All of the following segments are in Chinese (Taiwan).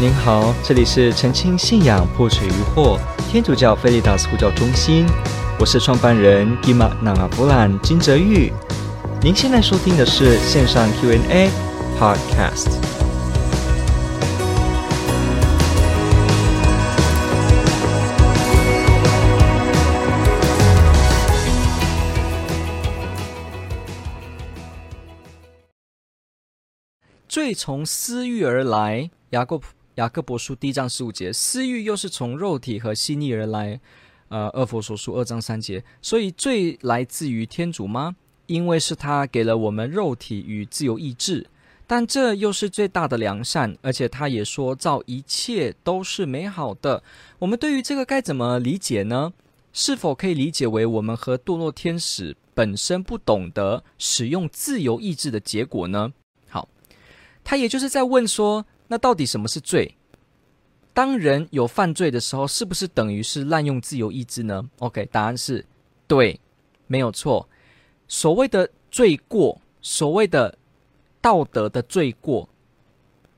您好，這裡是澄清信仰破除疑惑天主教 Veritas 護教中心，我是創辦人 Kimat Nangavulan 金哲昱。您現在收聽的是線上 Q&A podcast。罪從私欲而來，雅各伯。雅各伯書第一章十五節，私慾又是從肉體、和心意而來。呃，厄弗所書二章三節。所以罪來自於天主嗎？因為是他給了我們肉體與自由意志，但這又是最大的良善，而且他也說造一切都是美好的。我們對於這個該怎麼理解呢？是否可以理解為我們和墮落天使本身不懂得使用自由意志的結果呢？好，他也就是在問說。那到底什麼是罪？當人有犯罪的時候，是不是等於是濫用自由意志呢？OK，答案是對，沒有錯。所謂的罪過，所謂的道德的罪過，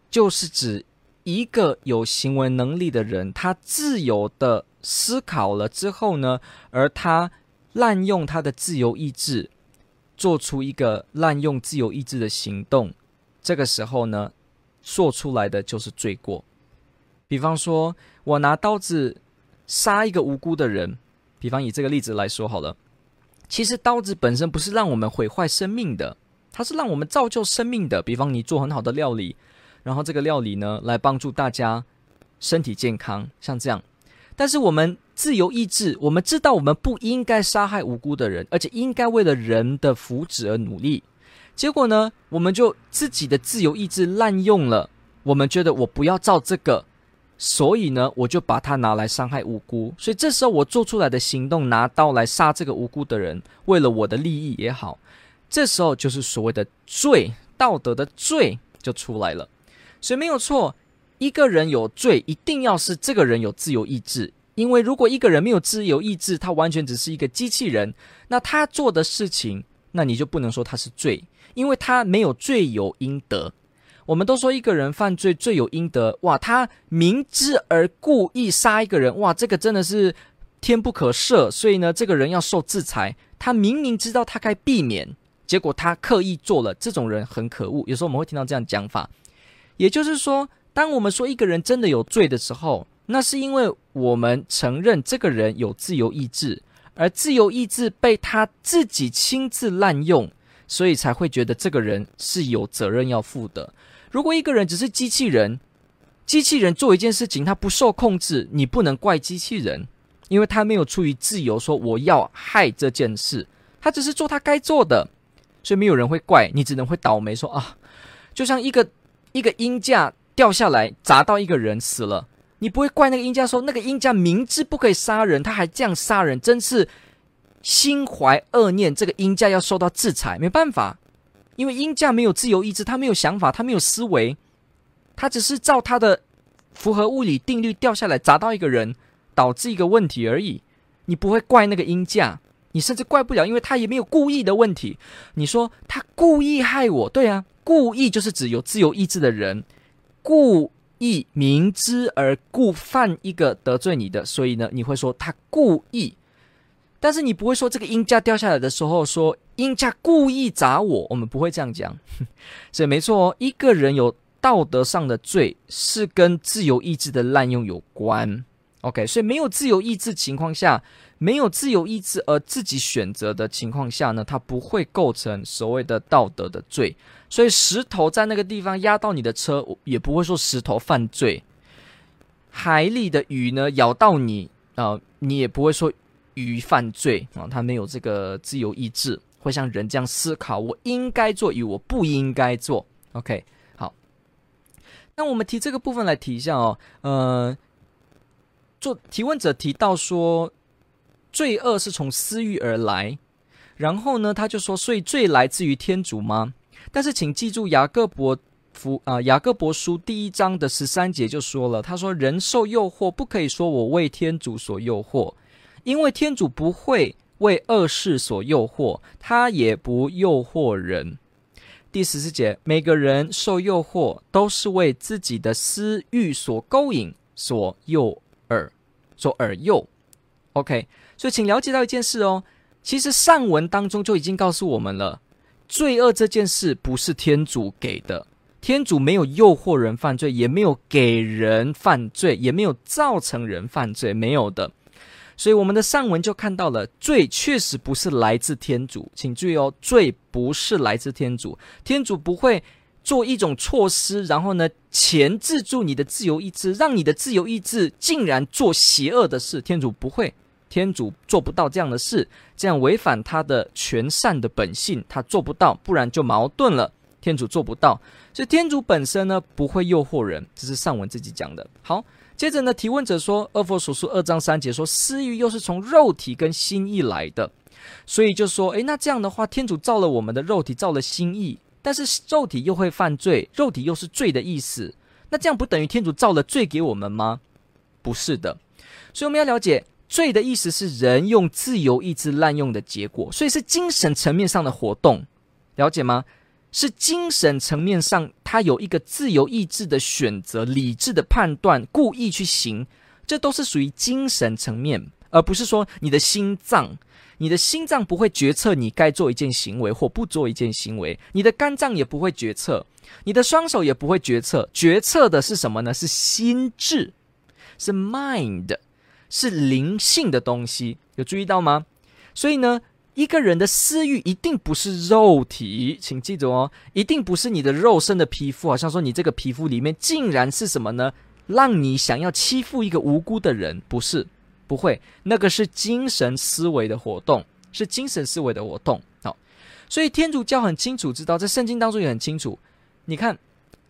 就是指一個有行為能力的人，他自由的思考了之後呢，而他濫用他的自由意志，做出一個濫用自由意志的行動。這個時候呢，做出來的就是罪過。比方說，我拿刀子殺一個無辜的人，比方以這個例子來說好了。其實刀子本身不是讓我們毀壞生命的，它是讓我們造就生命的。比方你做很好的料理，然後這個料理呢，來幫助大家身體健康，像這樣。但是我們自由意志，我們知道我們不應該殺害無辜的人，而且應該為了人的福祉而努力。結果呢，我們就自己的自由意志濫用了。我們覺得我不要照這個，所以呢，我就把它拿來傷害無辜。所以這時候我做出來的行動，拿刀來殺這個無辜的人，為了我的利益也好，這時候就是所謂的罪，道德的罪就出來了。所以沒有錯，一個人有罪，一定要是這個人有自由意志。因為如果一個人沒有自由意志，他完全只是一個機器人，那他做的事情，那你就不能說他是罪。因為他沒有罪有應得，我們都說一個人犯罪罪有應得哇，他明知而故意殺一個人哇，這個真的是十惡不可赦，所以呢，這個人要受制裁。他明明知道他該避免，結果他刻意做了，這種人很可惡。有時候我們會聽到這樣講法，也就是說，當我們說一個人真的有罪的時候，那是因為我們承認這個人有自由意志，而自由意志被他自己親自濫用。所以才會覺得這個人是有責任要負的。如果一個人只是機器人，機器人做一件事情，他不受控制，你不能怪機器人，因為他沒有出於自由說我要害這件事，他只是做他該做的，所以沒有人會怪，你只能會倒霉說啊，就像一個一個鷹架掉下來砸到一個人死了，你不會怪那個鷹架說那個鷹架明知不可以殺人，他還這樣殺人，真是。心懷惡念，這個鷹架要受到制裁，沒辦法，因為鷹架沒有自由意志，他沒有想法，他沒有思維，他只是照他的符合物理定律掉下來，砸到一個人，導致一個問題而已。你不會怪那個鷹架，你甚至怪不了，因為他也沒有故意的問題。你說他故意害我，對啊，故意就是指有自由意志的人，故意明知而故犯一個得罪你的，所以呢，你會說他故意。但是你不會說這個衣架，掉下來的時候說衣架故意砸我，我們不會這樣講。 所以沒錯哦，一個人有道德上的罪是跟自由意志的濫用有關。OK，所以沒有自由意志情況下，沒有自由意志而自己選擇的情況下呢，它不會構成所謂的道德的罪。所以石頭在那個地方壓到你的車，也不會說石頭犯罪。海裡的魚呢咬到你啊、呃，你也不會說。於犯罪啊、哦，他沒有這個自由意志，會像人這樣思考，我應該做與我不應該做。OK，好。那我們提這個部分來提一下哦，呃，做提問者提到說，罪惡是從私欲而來，然後呢，他就說，所以罪來自於天主嗎？但是請記住，雅各伯福啊、呃，雅各伯書第一章的十三節就說了，他說人受誘惑，不可以說我為天主所誘惑。因為天主不會為惡事所誘惑，他也不誘惑人。第十四節，每個人受誘惑都是為自己的私慾所勾引、所誘餌，所餌誘。OK，所以請了解到一件事哦，其實上文當中就已經告訴我們了，罪惡這件事不是天主給的，天主沒有誘惑人犯罪，也沒有給人犯罪，也沒有造成人犯罪，沒有的。所以我們的上文就看到了，罪確實不是來自天主，請注意哦，罪不是來自天主，天主不會做一種措施，然後呢，鉗制住你的自由意志，讓你的自由意志竟然做邪惡的事，天主不會，天主做不到這樣的事，這樣違反他的全善的本性，他做不到，不然就矛盾了，天主做不到，所以天主本身呢不會誘惑人，這是上文自己講的，好。接着呢，提問者說，《厄弗所書》二章三節說，私慾又是從肉體跟心意來的，所以就說，誒，那這樣的話，天主造了我們的肉體，造了心意，但是肉體又會犯罪，肉體又是罪的意思，那這樣不等於天主造了罪給我們嗎？不是的，所以我們要了解，罪的意思是人用自由意志濫用的結果，所以是精神層面上的活動，了解嗎？是精神層面上，他有一個自由意志的選擇、理智的判斷，故意去行，這都是屬於精神層面，而不是說你的心臟，你的心臟不會決策你該做一件行為或不做一件行為，你的肝臟也不會決策，你的雙手也不會決策，決策的是什麼呢？是心智，是 mind，是靈性的東西，有注意到嗎？所以呢？一個人的私慾一定不是肉體，請記住哦，一定不是你的肉身的皮膚。好像說你這個皮膚裡面竟然是什麼呢？讓你想要欺負一個無辜的人，不是？不會，那個是精神思維的活動，是精神思維的活動。好，所以天主教很清楚知道，在聖經當中也很清楚。你看，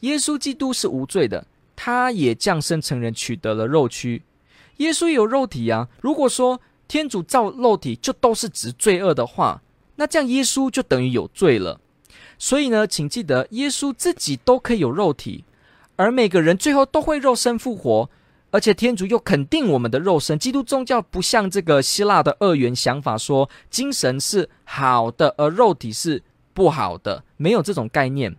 耶穌基督是無罪的，他也降生成人，取得了肉軀。耶穌有肉體啊。如果說，天主造肉體就都是指罪惡的話，那這樣耶穌就等於有罪了。所以呢，請記得耶穌自己都可以有肉體，而每個人最後都會肉身復活，而且天主又肯定我們的肉身。基督宗教不像這個希臘的二元想法，說精神是好的，而肉體是不好的，沒有這種概念。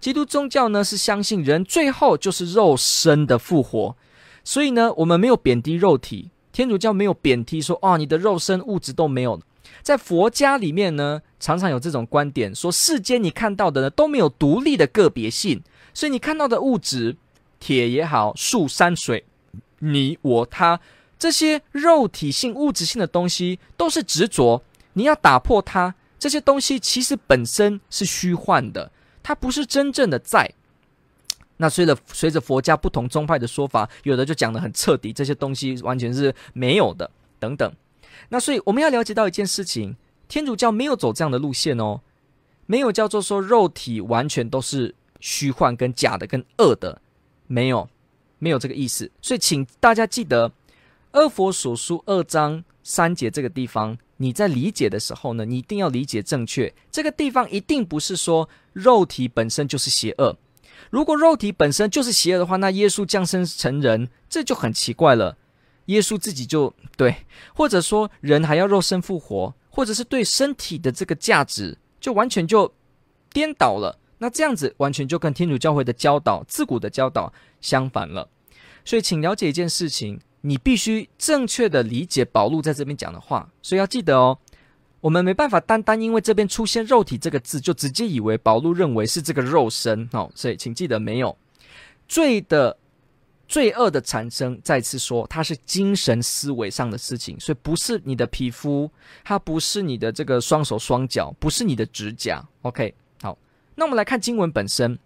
基督宗教呢是相信人最後就是肉身的復活，所以呢，我們沒有貶低肉體。天主教沒有貶低說哦，你的肉身物質都沒有。在佛家裡面呢，常常有這種觀點，說世間你看到的呢都沒有獨立的個別性，所以你看到的物質，鐵也好，樹、山水，你我他這些肉體性、物質性的東西都是執着。你要打破它，這些東西其實本身是虛幻的，它不是真正的在。那隨着隨着佛家不同宗派的說法，有的就講得很徹底，這些東西完全是沒有的等等。那所以我們要了解到一件事情，天主教沒有走這樣的路線哦，沒有叫做說肉體完全都是虛幻跟假的跟惡的，沒有沒有這個意思。所以請大家記得《厄弗所書》二章三節這個地方，你在理解的時候呢，你一定要理解正確。這個地方一定不是說肉體本身就是邪惡。如果肉體本身就是邪惡的話，那耶穌降生成人這就很奇怪了。耶穌自己就對，或者說人還要肉身復活，或者是對身體的這個價值就完全就顛倒了。那這樣子完全就跟天主教會的教導、自古的教導相反了。所以，請了解一件事情，你必須正確的理解保祿在這邊講的話。所以要記得哦。我們沒辦法單單因為這邊出現“肉體”這個字，就直接以為保祿認為是這個肉身哦。所以請記得，沒有罪的罪惡的產生，再次說，它是精神思維上的事情，所以不是你的皮膚，它不是你的這個雙手雙腳，不是你的指甲。OK，好，那我們來看經文本身，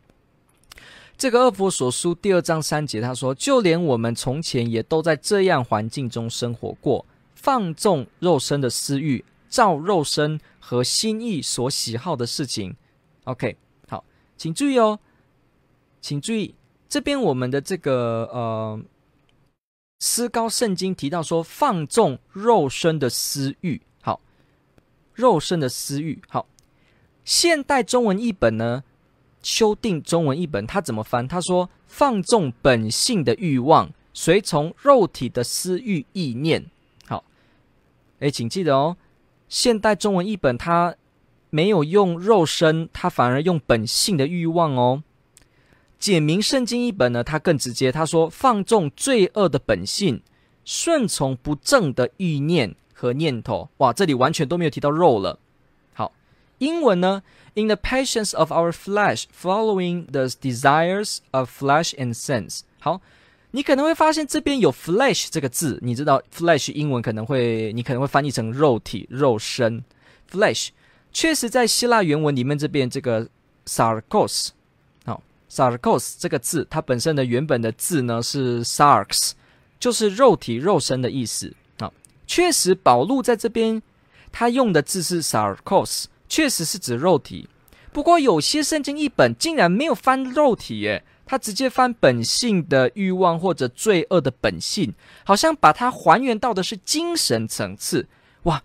這個《厄弗所書》第二章三節，他說：“就連我們從前也都在這樣環境中生活過，放縱肉身的私慾。”照肉身和心意所喜好的事情，OK，好，請注意哦，請注意這邊我們的這個呃，思高聖經提到說放縱肉身的私慾，好，肉身的私慾，好，現代中文譯本呢，修訂中文譯本他怎麼翻？他說放縱本性的慾望，隨從肉體的私慾意念，好，誒，請記得哦。現代中文譯本，它沒有用肉身，它反而用本性的慾望哦。簡明聖經譯本呢，它更直接，他說放縱罪惡的本性，順從不正的慾念和念頭。哇，這裡完全都沒有提到肉了。好，英文呢，in the passions of our flesh, following the desires of flesh and sense。好。你可能會發現這邊有 flesh 這個字，你知道 flesh 英文可能會你可能會翻譯成肉體、肉身。flesh 確實在希臘原文裡面這邊這個 sarcos 好 sarcos 這個字它本身的原本的字呢是 sarks 就是肉體、肉身的意思好、哦，確實保禄在這邊它用的字是 sarcos 確實是指肉體。不過有些聖經譯本竟然沒有翻肉體耶。他直接翻本性的慾望或者罪惡的本性，好像把它還原到的是精神層次。哇，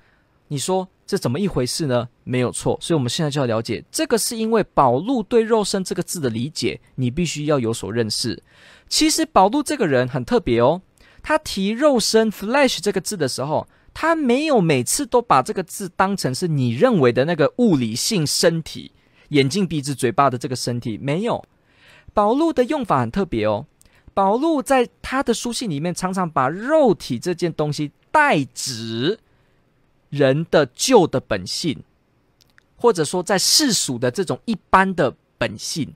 你說這怎麼一回事呢？沒有錯，所以我們現在就要了解這個是因為保祿對“肉身”這個字的理解，你必須要有所認識。其實保祿這個人很特別哦，他提“肉身 ”（flesh） 這個字的時候，他沒有每次都把這個字當成是你認為的那個物理性身體，眼睛、鼻子、嘴巴的這個身體，沒有。保祿的用法很特別哦。保祿在他的書信裡面，常常把肉體這件東西代指人的舊的本性，或者說在世俗的這種一般的本性，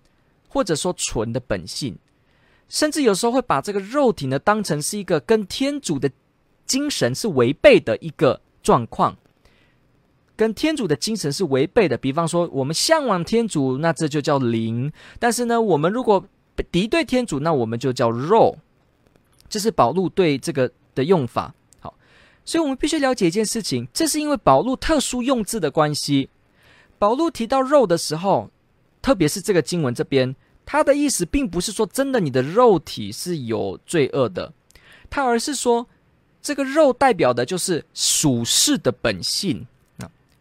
或者說純的本性，甚至有時候會把這個肉體呢當成是一個跟天主的精神是違背的一個狀況。跟天主的精神是違背的。比方說，我們嚮往天主，那這就叫靈；但是呢，我們如果敵對天主，那我們就叫肉。這、就是保祿對這個的用法。好，所以我們必須了解一件事情，這是因為保祿特殊用字的關係。保祿提到肉的時候，特別是這個經文這邊，它的意思並不是說真的你的肉體是有罪惡的，它而是說這個肉代表的就是屬世的本性。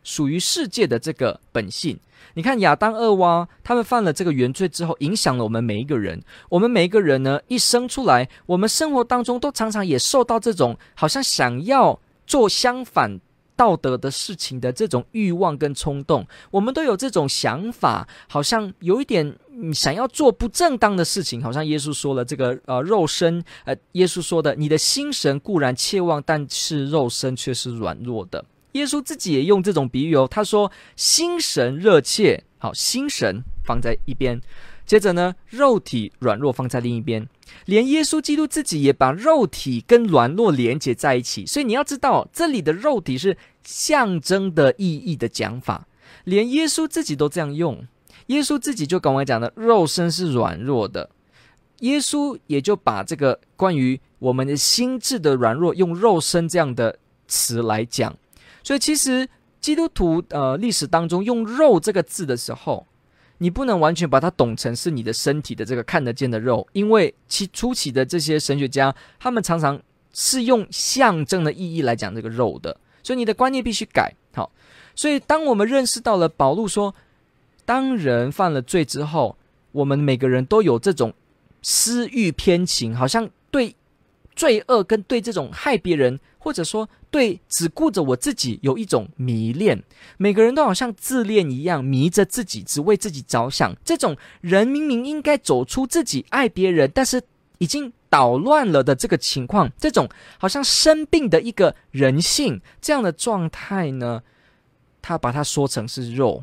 屬於世界的這個本性，你看亞當、厄娃他們犯了這個原罪之後，影響了我們每一個人。我們每一個人呢，一生出來，我們生活當中都常常也受到這種好像想要做相反道德的事情的這種欲望跟衝動。我們都有這種想法，好像有一點想要做不正當的事情。好像耶穌說了這個呃肉身，呃耶穌說的，你的心神固然切望，但是肉身卻是軟弱的。耶穌自己也用這種比喻哦，他說心神熱切好，心神放在一邊，接着呢，肉體軟弱放在另一邊。連耶穌基督自己也把肉體跟軟弱連接在一起，所以你要知道這裡的肉體是象徵的意義的講法。連耶穌自己都這樣用，耶穌自己就跟我講的肉身是軟弱的，耶穌也就把這個關於我們的心智的軟弱用肉身這樣的詞來講。所以其實基督徒呃歷史當中用“肉”這個字的時候，你不能完全把它懂成是你的身體的這個看得見的肉，因為其初期的這些神學家，他們常常是用象徵的意義來講這個“肉”的，所以你的觀念必須改好。所以當我們認識到了保祿說，當人犯了罪之後，我們每個人都有這種私欲偏情，好像對罪惡跟對這種害別人。或者說，對只顧着我自己有一種迷戀，每個人都好像自戀一樣迷着自己，只為自己着想。這種人明明應該走出自己愛別人，但是已經搗亂了的這個情況，這種好像生病的一個人性這樣的狀態呢，他把它說成是肉，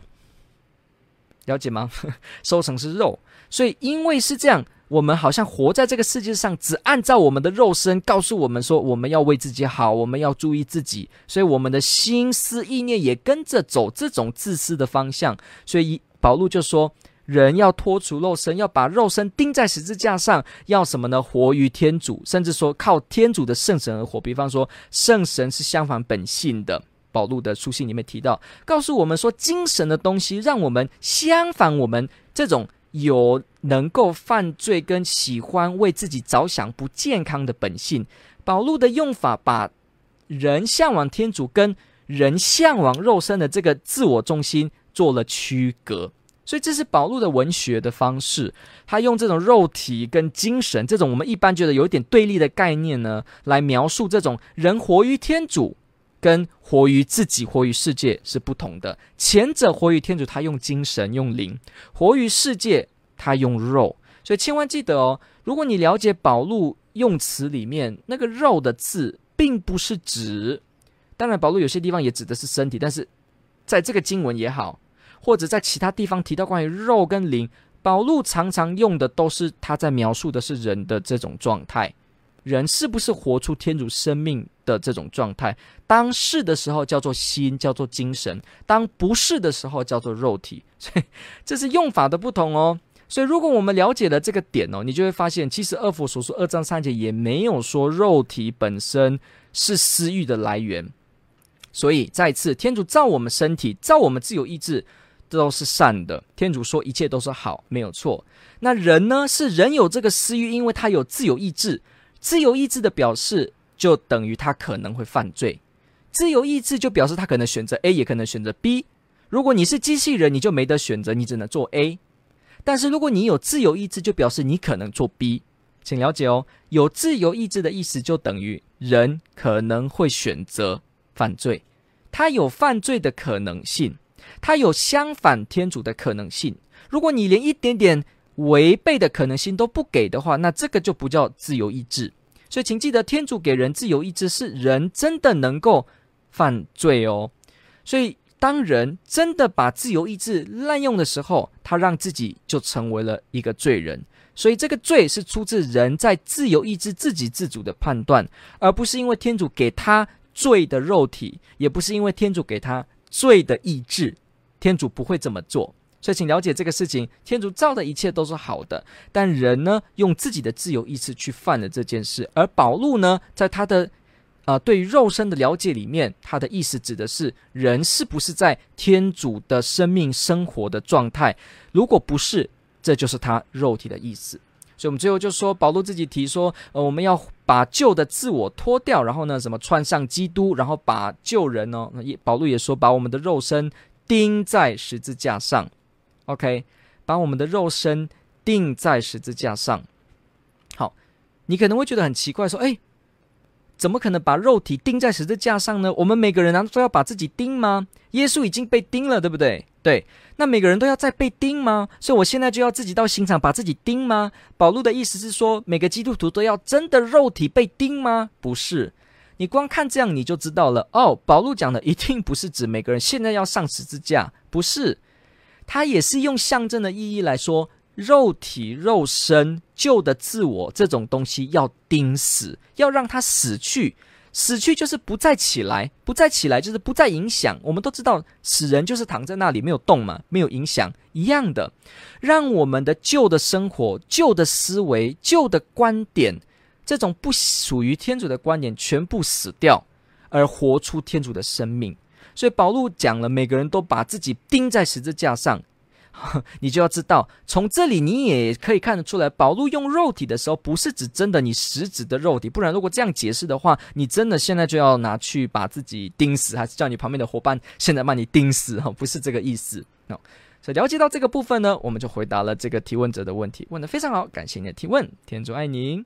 了解嗎？ 說成是肉，所以因為是這樣。我們好像活在這個世界上，只按照我們的肉身告訴我們說，我們要為自己好，我們要注意自己，所以我們的心思意念也跟着走這種自私的方向。所以保祿就說，人要脫除肉身，要把肉身釘在十字架上，要什麼呢？活於天主，甚至說靠天主的聖神而活。比方說，聖神是相反本性的。保祿的書信裡面提到，告訴我們說，精神的東西讓我們相反我們這種。有能夠犯罪跟喜歡為自己着想不健康的本性。保祿的用法把人向往天主跟人向往肉身的這個自我中心做了區隔，所以這是保祿的文學的方式。他用這種肉體跟精神這種我們一般覺得有點對立的概念呢，來描述這種人活於天主跟活於自己、活於世界是不同的。前者活於天主，他用精神、用靈；活於世界，他用肉。所以千萬記得哦，如果你了解保祿用詞裡面那個“肉”的字，並不是指……當然，保祿有些地方也指的是身體，但是在這個經文也好，或者在其他地方提到關於肉跟靈，保祿常常用的都是他在描述的是人的這種狀態。人是不是活出天主生命的這種狀態？當是的時候，叫做心，叫做精神；當不是的時候，叫做肉體。所以這是用法的不同哦。所以如果我們了解了這個點哦，你就會發現，其實《厄弗所書二章三節》也沒有說肉體本身是私慾的來源。所以再次，天主造我們身體，造我們自由意志，都是善的。天主說一切都是好，沒有錯。那人呢，是人有這個私慾，因為他有自由意志。自由意志的表示就等於他可能會犯罪，自由意志就表示他可能選擇 A，也可能選擇 B。如果你是機器人，你就沒得選擇，你只能做 A。但是如果你有自由意志，就表示你可能做 B。請了解哦，有自由意志的意思就等於人可能會選擇犯罪，他有犯罪的可能性，他有相反天主的可能性。如果你連一點點，違背的可能性都不給的話，那這個就不叫自由意志。所以，請記得，天主給人自由意志，是人真的能夠犯罪哦。所以，當人真的把自由意志濫用的時候，他讓自己就成為了一個罪人。所以，這個罪是出自人在自由意志自己自主的判斷，而不是因為天主給他罪的肉體，也不是因為天主給他罪的意志。天主不會這麼做。所以，請了解這個事情，天主造的一切都是好的，但人呢，用自己的自由意志去犯了這件事。而保祿呢，在他的啊、呃、對於肉身的了解裡面，他的意思指的是人是不是在天主的生命生活的狀態？如果不是，這就是他肉體的意思。所以，我們最後就說保祿自己提說，呃，我們要把舊的自我脫掉，然後呢，什麼穿上基督，然後把舊人呢？也，保祿也說，把我們的肉身釘在十字架上。OK，把我們的肉身釘在十字架上。好，你可能會覺得很奇怪，說：“哎，怎麼可能把肉體釘在十字架上呢？我們每個人難、啊、道都要把自己釘嗎？耶穌已經被釘了，對不對？對，那每個人都要再被釘嗎？所以我現在就要自己到刑場把自己釘嗎？保祿的意思是說，每個基督徒都要真的肉體被釘嗎？不是，你光看這樣你就知道了。哦，保祿講的一定不是指每個人現在要上十字架，不是。”他也是用象徵的意義來說，肉體、肉身、舊的自我這種東西要釘死，要讓它死去。死去就是不再起來，不再起來就是不再影響。我們都知道，死人就是躺在那裡沒有動嘛，沒有影響，一樣的。讓我們的舊的生活、舊的思維、舊的觀點，這種不屬於天主的觀點全部死掉，而活出天主的生命。所以保祿講了，每個人都把自己釘在十字架上，你就要知道，從這裡你也可以看得出來，保祿用肉體的時候，不是指真的你實質的肉體，不然如果這樣解釋的話，你真的現在就要拿去把自己釘死，還是叫你旁邊的夥伴現在把你釘死？哈，不是這個意思，no。所以了解到這個部分呢，我們就回答了這個提問者的問題，問得非常好，感謝你的提問，天主愛你。